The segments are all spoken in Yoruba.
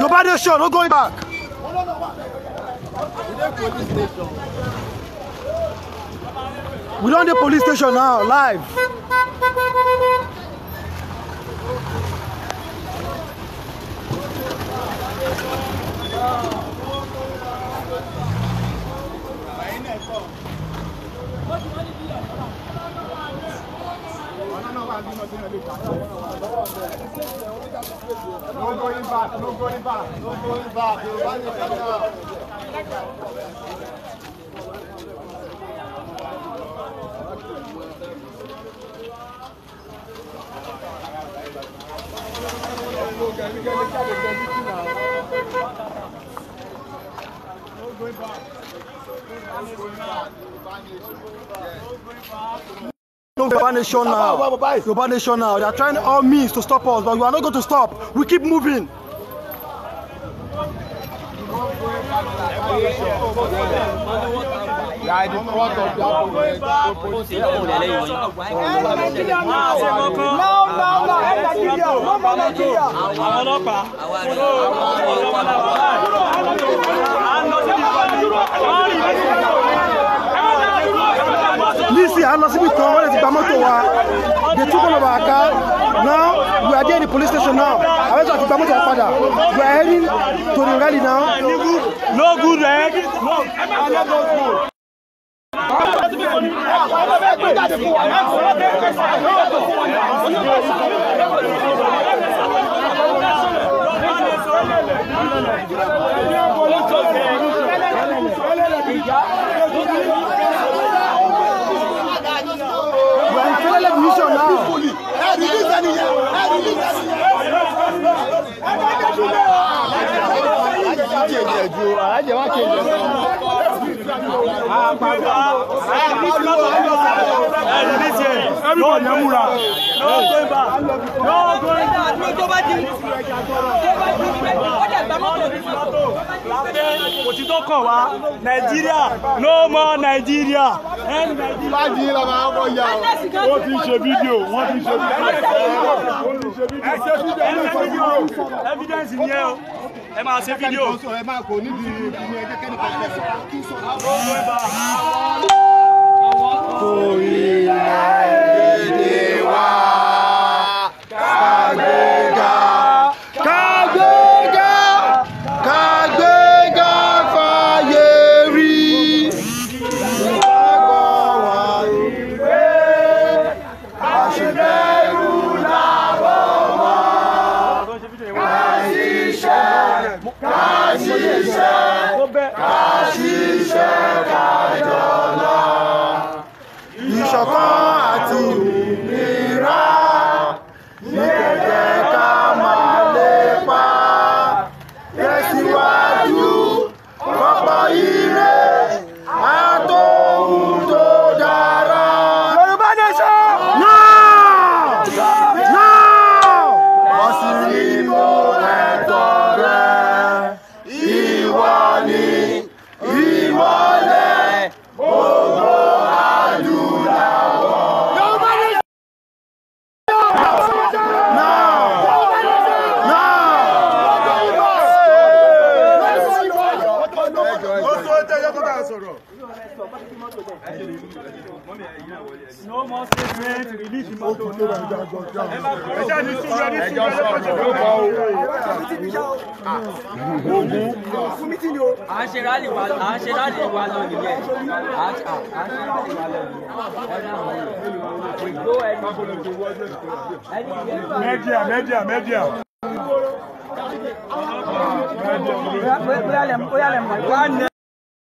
You buy Yoruba nation, no going back. We don't the police station now, live. Oh. Não vou embaixo, não vou embaixo, não vou embaixo, não vou embaixo. Don't go back. Don't go back. Don't go back. to Yoruba Nation now. The Nation now. They are trying all means to stop us, but we are not going to stop. We keep moving. Àwọn nísìnyí à ń lọ síbi kan wọ́n lè ti gba mọ́tò wa they took one of our car now we are there in the police station now àwọn ètò àti gba mọ́tò wa padà we are heading to the rally now. no good ẹ. Eh? Thank you. position now. ẹ no more Nigeria láti yín la máa ń kọ́ ya o wọ́n ti ṣe fídíò wọ́n ti ṣe fídíò ẹ ṣe fídíò evidence ni ẹ o ẹ máa ṣe fídíò. ẹ máa kò nídìí ẹgbẹ́ kẹ́nìkan ẹ̀sìn. àwọn statement release mọ́tò náà ẹ jẹ́ ní sùúrù ẹni sùúrù ẹni pẹ̀lú ìjọba ọ̀gá o. ogun à ń ṣe rálì wa à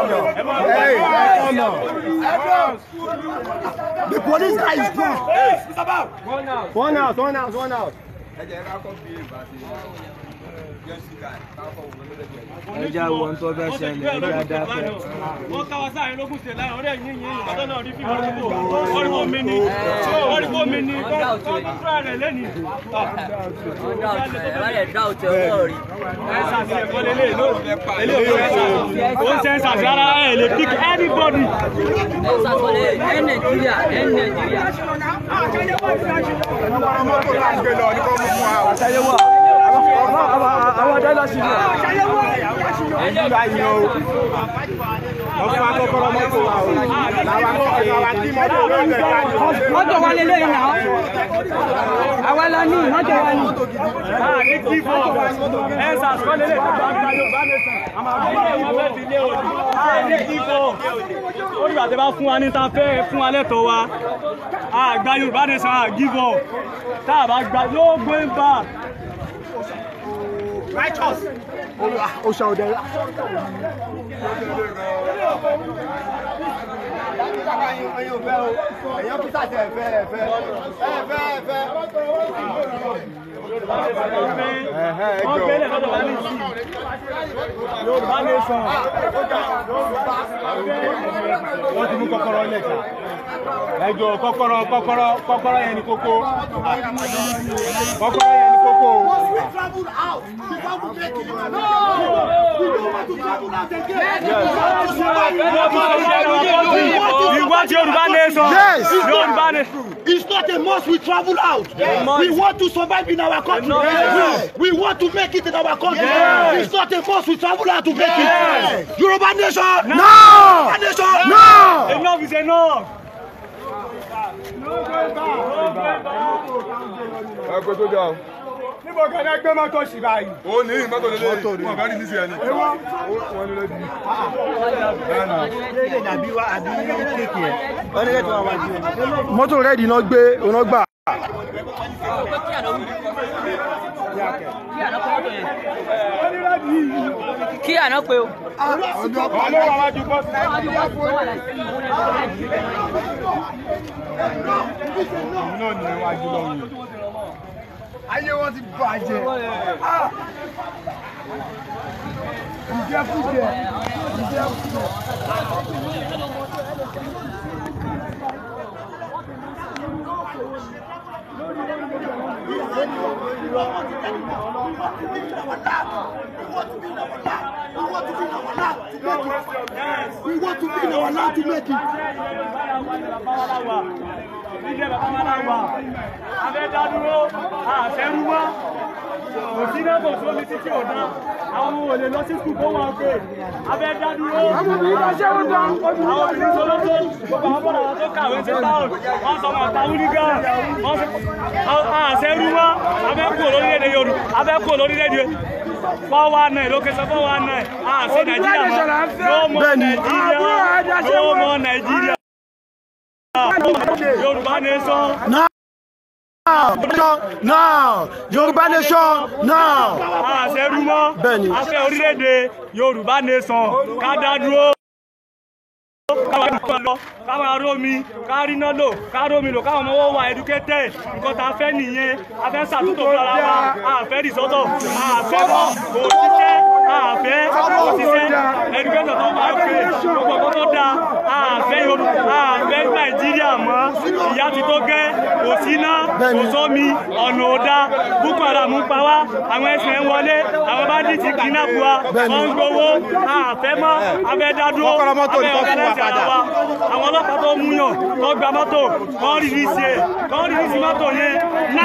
The police guy is gone. One out, one out, one out ẹja wọn tó fẹ́ ṣẹlẹ̀ ẹja dáfẹ́. wọ́n káwá sáàrin lókùn ṣe láàrin ọ̀rẹ́ yín yín ìgbàdàn náà rí fífi ọ̀rẹ́gbò ọ̀rẹ́gbò mi ni ọ̀rẹ́gbò mi ni kọ́ńtúrà rẹ̀ lẹ́nìí. ọ̀rẹ́ dá òtẹ̀ ọwọ́ rí. ẹ̀sà sí ẹ̀kọ́ lélẹ̀ lóòrùn ẹ̀sà ó ń ṣe ẹ̀sà rárá ẹ̀ lè pick anybody. ẹ̀sà kò lè ẹ̀ nàìjíríà ẹ̀ nàìjíríà. àtẹ̀yẹwò ọ̀dọ́ lọ sí i. ẹ̀yin gba yìí o wọ́n fún wa kọ́kọ́rọ́ mọ́tò wa o làwa kọ́ àwa tí mọ́tò wọn lè ká ní. mọ́tò wa lè lóyún náà àwa la ní mọ́tò wa ní. Ah, ní sàn. Ah, àgbà ah, yóò gbé bá righteous. o ṣe ọdẹ. ẹ̀yọ́ pítà tẹ̀ ẹ̀fẹ́ ẹ̀fẹ́ ẹ̀fẹ́ ẹ̀fẹ́. wọ́n gbélé lọ́dọ̀ wá ní sí Yorùbá lè sàn. wọ́n ti mú kọ́kọ́rọ́ lẹ́ka ẹjọ́ kọ́kọ́rọ́ kọ́kọ́rọ́ kọ́kọ́rọ́ yẹn ni kókó kọ́kọ́rọ́ travel out. We want to make Kilimanjaro. No! We don't want to travel out again. Yes. Yes. We want Yoruba nation. Yes. Yoruba nation. It's not a must we travel out. Yes. We want to survive in our country. Yes. We want to make it in our country. Yes. It's not a must we travel out to make yes. it. Yoruba nation. No. Yoruba nation. No. Enough is enough. No go back. No go back. No go back níbo kan náà gbé mọ́tò sí báyìí. ó ní mọ́tò lé lé wọn bá rí ní sí ẹni. ewu wọn lé lójú. léde dàbí wa àbí kéèkì ẹ wọn ní kẹtọ àwọn àjẹ. mọ́tò rẹ̀ dì náà gbé ọ̀nà gbà. kí àná pé o. ọjọ́ kan ló wà wájú bọ́sì. náà ní wájú lọ́wọ́ ayé wọn ti bàjẹ́ ìjẹkújẹ ìjẹkújẹ. We want to be in our land to make it níjẹ́ bàbá máa náà wà abẹ́ dá dúró àṣẹrú wá kò sí náà kò sómi títí ọ̀dá àwọn ohun èlò lọ sí skul kó wọn pé abẹ́ dá dúró àwọn obìnrin tó lọ́tọ́ gbogbo àwọn bọ̀dà wọn tó kàwé sí táwọn wọn sọ wọn àtàwọn onígá àṣẹrú wá abẹ́ kú lórílẹ̀-èdè Yorùbá abẹ́ kú lórílẹ̀-èdè four one nine lókè sọ four one nine àṣẹ Nàìjíríà mọ́ no more Nàìjíríà no more Nàìjíríà. Yorùbá nation. Now. Now, Yorùbá nation now. Àṣẹ rúmọ́, àṣẹ orílẹ̀-èdè Yorùbá nation, ká dá dúró káwọn lọ káwọn arómi káríná lò kárómi lò káwọn ọmọ wa educated nǹkan tá a fẹ́ nìyẹn a fẹ́ ṣàtúntò fúnra wa a fẹ́ rìsọ́tọ̀ a fẹ́ bọ́ kò ní jẹ́. náà mọ́ ìyà ti tó gẹ́ kò sí iná kò sómi ọ̀nà òda boko haram ń pa wá àwọn ẹ̀sìn ń wọlé àwọn bá dì ti kidnap wa wọ́n ń gbowó àfẹ́ mọ́ abẹ́ dádúró abẹ́ ọ̀gẹ́lẹ́sì ara wa àwọn ọlọ́pàá tó mú yàn tó gba mọ́tò kọ́ rìlísì ẹ̀ mọ́tò yẹn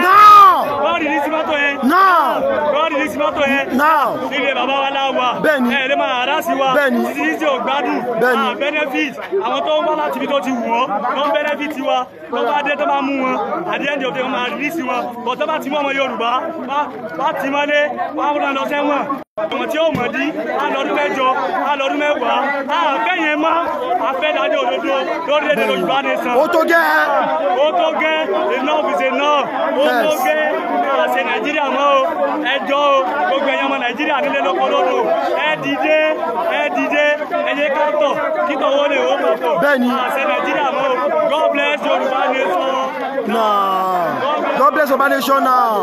náà now. wọ́n ní símọ́tò yẹn. now. wọ́n ní símọ́tò yẹn. now. nílé bàbá wa láwa. bẹ́ẹ̀ni ẹ lè máa ará sí wa. bẹ́ẹ̀ni títí tí o gbádùn. bẹ́ẹ̀ni a ah, benefit àwọn tó ń wá láti ibi tó ti wù ọ́ ló ń benefit wa tó bá dé tó bá mú wọn àdé ẹ̀ǹdẹ̀ òde wọn máa rí wọn bọ̀ tó bá ti mú ọmọ Yorùbá bá ti mọ́lé wàá lọ sẹ́wọ̀n àwọn tí ó mọ̀ dí alọ́dún mẹ́jọ alọ́dún mẹ́wàá àfẹ́yẹn má afẹ́dájọ́ òdodo lórílẹ̀‐èdè Yorùbá nation. ó tó gẹ́. ó tó gẹ́ enough is enough ó tó gẹ́ àṣẹ Nàìjíríà mọ́ o ẹjọ́ o gbogbo ẹ̀yàn ọmọ Nàìjíríà nílé lọ́kọ́ ẹ dìde ẹ dìde ẹ yé ká owó lè wọ́n papọ̀ àṣẹ Nàìjíríà mọ́ o God bless Yorùbá nation. God bless Yorùbá nation now.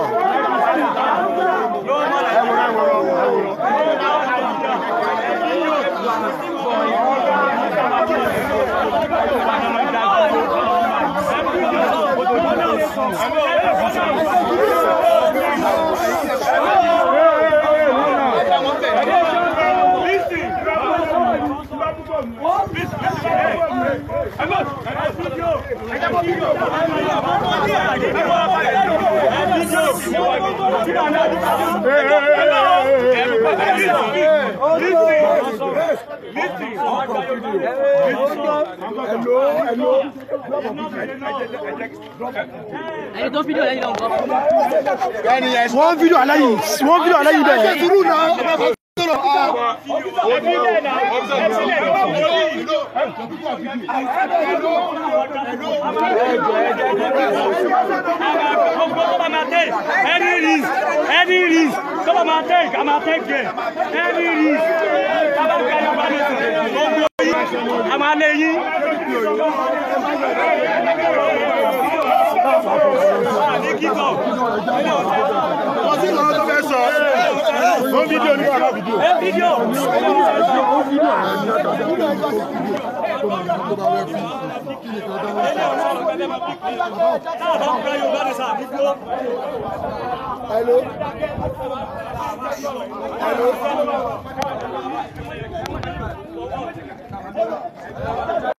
One video, fídíò lẹ́yìn náà gbọ́. wọ́n fídíò aláyìí wọ́n fídíò Any risk, any risk, come on, my take, I'm gonna take it. Any risk, I'm gonna get your money today. I'm gonna lay you. Wọ́n ti lọ́wọ́ tó fẹ́ sọ ọ́ fídíò ní wàhálà fídíò. Ẹ fídíò kó mọ nǹkan tó bá wẹ́ Hello. Hello. Hello.